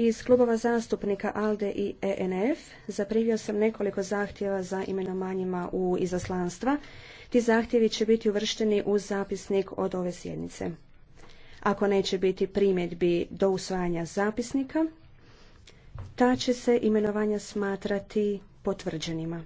Iz klubova zastupnika ALDE i ENF zaprivio sam nekoliko zahtjeva za imenovanjima u izaslanstva. Ti zahtjevi će biti uvršteni u zapisnik od ove sjednice. Ako neće biti primjedbi do usvajanja zapisnika, ta će se imenovanja smatrati potvrđenima.